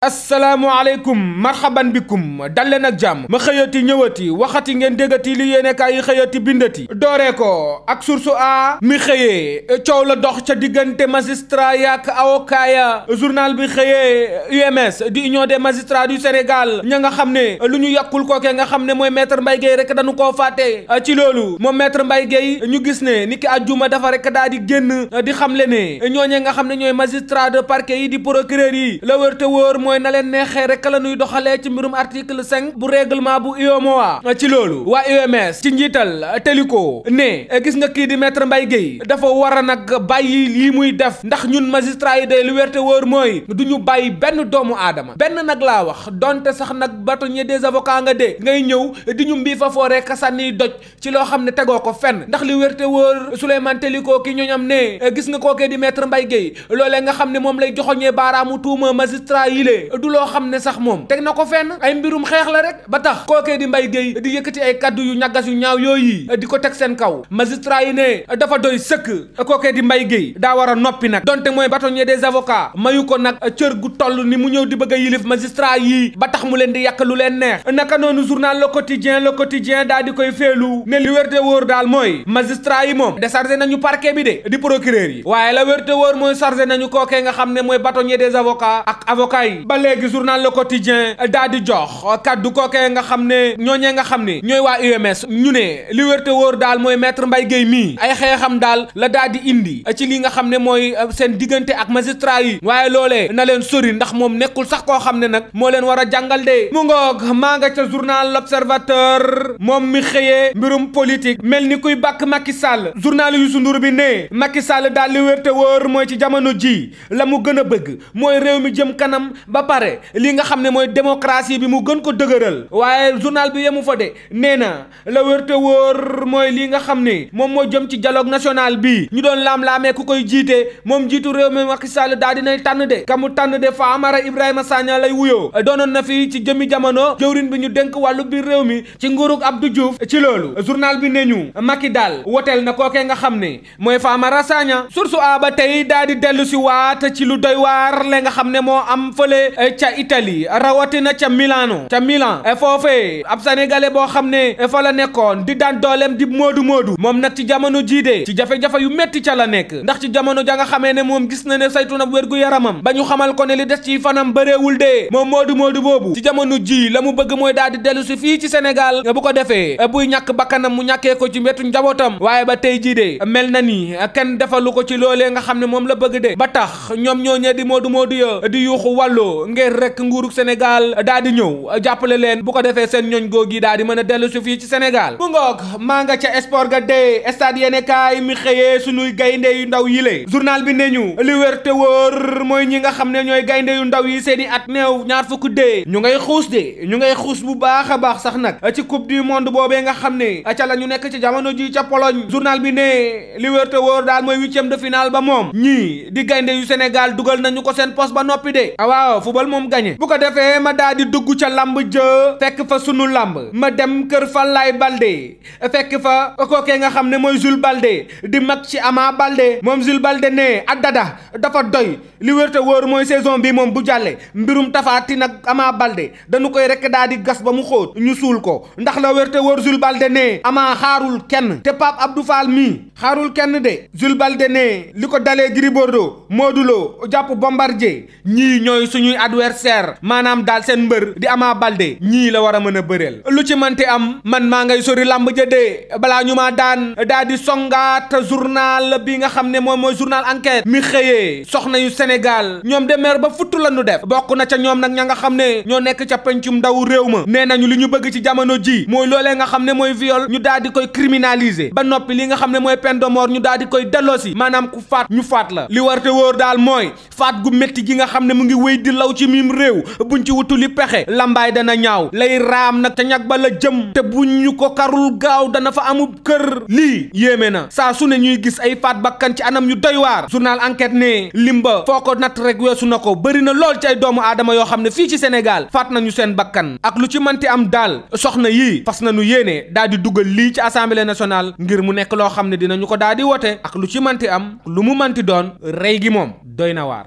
asalaamaaleykum marhaban bikum dal leen ak jàmm ma xëyati ñëwati waxati ngeen déggati li yéenekaay yi xëyati bindati dooree ko ak source a mi xëyee coow la dox ca diggante magistrat yaak awokaaya journal bi xëyee UMS di union des magistrats du Sénégal ña nga xam ne lu ñu yàqul kookee nga xam ne mooy maître Mbaye Guèye rek dañu ko fàtte ci loolu moom maître Mbaye Guèye ñu gis ne ni ki àjjuma dafa rek daa di génn di xamle ne ñooñee nga xam ne ñooy magistrat de parquet yi di procureur yi la mooy na leen neexee rek la nuy doxalee ci mbirum article 5 bu règlement bu UEMOA ci loolu waa UMS ci njiital Téliko ne gis nga kii di maître mbay Guèye dafa war a nag bàyyi lii muy def ndax ñun magistrat yi day lu wérte wóor mooy du ñu bàyyi benn doomu aadama benn nag laa wax donte sax nag bâtonnier des avocats nga de ngay ñëw di ñu mbii fa foo rek sànni doj ci loo xam ne tegoo ko fenn ndax li wérte wóor Souleymane Téliko ki ñooñam ne gis nga kookee di maître Mbaye Guèye loolee nga xam ne moom lay joxoñee baaraamu tuuma magistrat yi le du loo xam ne sax moom teg na ko fenn ay mbirum xeex la rek ba tax kookee di mbay géey di yëkkati ay kaddu yu ñaggas yu ñaaw yooyu di ko teg seen kaw magistrat yi ne dafa doy sëkk kookee di mbay géey daa war a noppi nag donte mooy bâtonnier des avocats mayu ko nag cër gu toll ni mu ñëw di bëgg a yilif magistrat yi ba tax mu leen di yàq lu leen neex naka noonu journal le quotidien le quotidien daa di koy féelu ne li wér te daal mooy magistrat yi moom déchargé nañu parquet bi de di procureur yi waaye la wér mooy chargé nañu kookee nga xam ne mooy bâtonnier des avocats ak avocats yi ba léegi journal Le Quotidien daa di jox kaddu kookee nga xam ne ñooñee nga xam ne ñooy waa UMS ñu ne li wérte woor daal mooy maître mbay Guèye mii ay xam daal la daa di indi ci li nga xam ne mooy euh, seen diggante ak magistrat yi waaye loole na leen sori ndax moom nekkul sax koo xam ne nag moo leen war a jàngal de mu ngoog maa nga ca journal L'Observateur moom mi xëyee mbirum politique mel ni kuy bàkk Macky Sall journal Youssou Ndour bi ne Macky Sall daal li wér te mooy ci jamono ji la mu gën a bëgg mooy réew mi jëm kanam ba pare li nga xam ne mooy démocratie bi mu gën ko dëgëral waaye journal bi yemu fa de nee na la wérte wóor mooy li nga xam ne moom moo jëm ci dialogue national bi ñu doon laam-laamee ku koy jiite moom jiitu réew mi Macky Sall daal dinay tànn de ka mu tànn de fa Amara Ibrahima Sagna lay wuyoo doonoon na fi ci jëmi jamono jëwrin bi ñu dénk wàllu biir réew mi ci nguurug Abdou Diouf ci loolu journal bi ne ñu Macky dal woteel na kookee nga xam ne mooy fa Amara Sagna sursu a ba tey daal di dellu si waat ci lu doy waar le nga xam ne moo Eh, ca itali rawatina ca Milano ca Milan eh, foofee ab sénégalais boo xam ne eh, fa la nekkoon di daan dooleem di moodu moodu moom nag ci jamono jii de ci jafe yu métti ca la nekk ndax ci jamono ja nga xamee ne moom gis na ne saytu na wér-gu-yaramam ba ñu xamal ko ne li des ci fanam bëreewul dee moom moodu moodu boobu ci jamono ji la mu bëgg mooy daal di dellu si fii ci Sénégal bu ko defee buy ñàkk bakkanam mu ñàkkee ko ci wetu njabootam waaye ba tey jii de mel na ni kenn defalu ko ci loolee nga xam ne moom la bëgg de ba tax ñoom ñoo di moodu moodu ya di yuuxu wàllu complot ngir rek nguurug Sénégal daa di ñëw jàppale leen bu ko defee seen ñooñ googi daa di mën a dellu si fii ci Sénégal mu ngoog maa nga ca sport ga dee stade yene kaay mi xëyee suñuy gaynde yu ndaw yi le journal bi ne ñu li wér te wóor mooy ñi nga xam ne ñooy gaynde yu ndaw yi seeni at neew ñaar fukk dee ñu ngay xuus de ñu ngay xuus bu baax a baax sax nag ci coupe du monde boobee nga xam ne ca la ñu nekk ci jamono ji ca Pologne journal bi ne li wér te wóor daal mooy huitième ba moom ñii di gaynde a fubal moom gagné bu ko defee ma daa di dugg ca lamb jë fekk fa sunu làmb ma dem kër Fallaye Balde fekk fa kookee nga xam ne mooy Jules Balde di mag ci Ama Balde moom Jules Balde ne ak dada dafa doy li wér te mooy saison bi moom bu jàllee mbirum tafaati nag Ama Balde dañu koy rek daa di gas ba mu xóot ñu suul ko ndax la wér te wóor Jules Balde ne Ama xaarul kenn te Pape Abdou Fall mii xaarul kenn de Jules Balde ne li ko dalee Gris Bordeaux Modou suñuy adversaire maanaam daal seen mbër di Ama Baldé ñii la war a mën a bëreel lu ci manti am man maa ngay sori làmb ja dee balaa ñu maa daan daa di songaat journal bi nga xam ne moom mooy journal enquête mi xëyee soxna yu Sénégal ñoom de ba futtu la ñu def bokk na ca ñoom nag ña nga xam ne ñoo nekk ca pencum ndaw réew ma nee nañu li ñu bëgg ci jamono ji mooy loolee nga xam ne mooy viol ñu daal di koy criminaliser ba noppi li nga xam ne mooy peine de mort ñu daal di koy delloosi maanaam ku faat ñu faat law ci miim réew buñ ci li pexe lambaay dana ñaaw lay raam nag ca ñag ba la jëm te bu ñu ko karul gaaw dana fa amub kër lii yéeme na saa su ne ñuy gis ay faat bakkan ci anam yu doy waar journal enquête ne limba foo ko natt rek weesu na ko bëri na lool ci ay doomu aadama yoo xam ne fii ci Sénégal faat nañu seen bakkan ak lu ci mënti am daal soxna yii fas nañu yéene daal di dugal lii ci assemblée nationale ngir mu nekk loo xam ne dinañu ko daal di wote ak lu ci mënti am lu mu mënti doon rey gi moom doy na waar